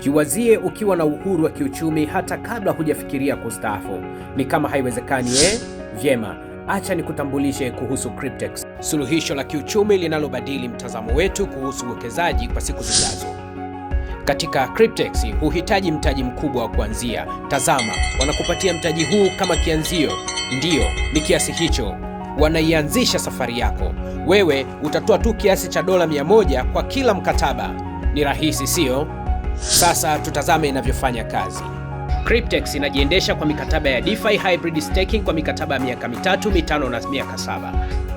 Jiwazie ukiwa na uhuru wa kiuchumi hata kabla hujafikiria kustaafu. Ni kama haiwezekani eh? Vyema, acha nikutambulishe kuhusu Cryptex, suluhisho la kiuchumi linalobadili mtazamo wetu kuhusu uwekezaji kwa siku zijazo. Katika Cryptex huhitaji mtaji mkubwa wa kuanzia. Tazama, wanakupatia mtaji huu kama kianzio. Ndiyo, ni kiasi hicho. Wanaianzisha safari yako. Wewe utatoa tu kiasi cha dola 100 kwa kila mkataba. Ni rahisi, siyo? Sasa tutazame inavyofanya kazi. Cryptex inajiendesha kwa mikataba ya DeFi hybrid staking kwa mikataba ya miaka mitatu, mitano na miaka saba.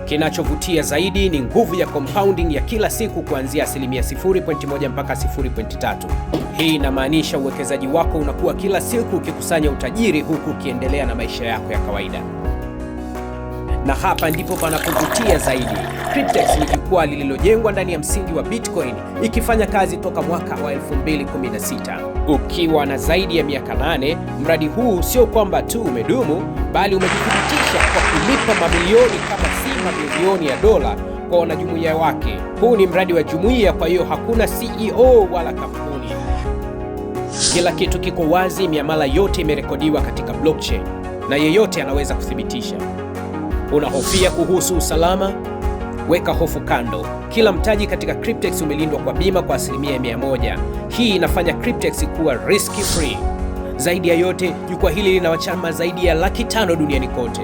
Kinachovutia zaidi ni nguvu ya compounding ya kila siku kuanzia asilimia 0.1 mpaka 0.3. Hii inamaanisha uwekezaji wako unakuwa kila siku ukikusanya utajiri huku ukiendelea na maisha yako ya kawaida na hapa ndipo panapovutia zaidi. Cryptex ni jukwaa lililojengwa ndani ya msingi wa Bitcoin, ikifanya kazi toka mwaka wa 2016. Ukiwa na zaidi ya miaka nane, mradi huu sio kwamba tu umedumu, bali umejithibitisha kwa kulipa mamilioni kama si mabilioni ya dola kwa wanajumuiya wake. Huu ni mradi wa jumuiya, kwa hiyo hakuna CEO wala kampuni. Kila kitu kiko wazi, miamala yote imerekodiwa katika blockchain na yeyote anaweza kuthibitisha. Unahofia kuhusu usalama? Weka hofu kando. Kila mtaji katika Cryptex umelindwa kwa bima kwa asilimia mia moja. Hii inafanya Cryptex kuwa risk free. Zaidi ya yote, jukwaa hili lina wachama zaidi ya laki tano duniani kote.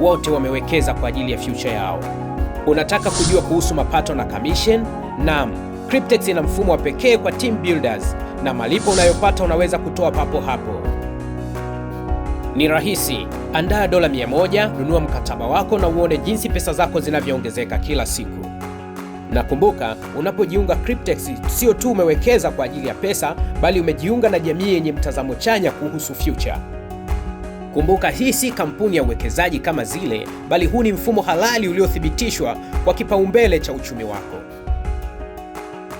Wote wamewekeza kwa ajili ya future yao. Unataka kujua kuhusu mapato na commission? Naam, Cryptex ina mfumo wa pekee kwa team builders, na malipo unayopata unaweza kutoa papo hapo. Ni rahisi. Andaa dola 100, nunua mkataba wako na uone jinsi pesa zako zinavyoongezeka kila siku. Na kumbuka, unapojiunga Cryptex, sio tu umewekeza kwa ajili ya pesa, bali umejiunga na jamii yenye mtazamo chanya kuhusu future. Kumbuka, hii si kampuni ya uwekezaji kama zile, bali huu ni mfumo halali uliothibitishwa kwa kipaumbele cha uchumi wako.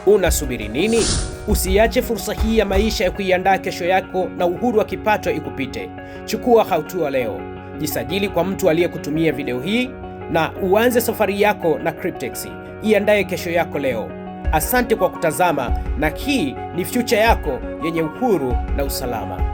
Unasubiri nini? Usiache fursa hii ya maisha ya kuiandaa kesho yako na uhuru wa kipato ikupite. Chukua hatua leo, jisajili kwa mtu aliyekutumia video hii na uanze safari yako na Cryptex. Iandaye kesho yako leo. Asante kwa kutazama, na hii ni Future Yako yenye uhuru na usalama.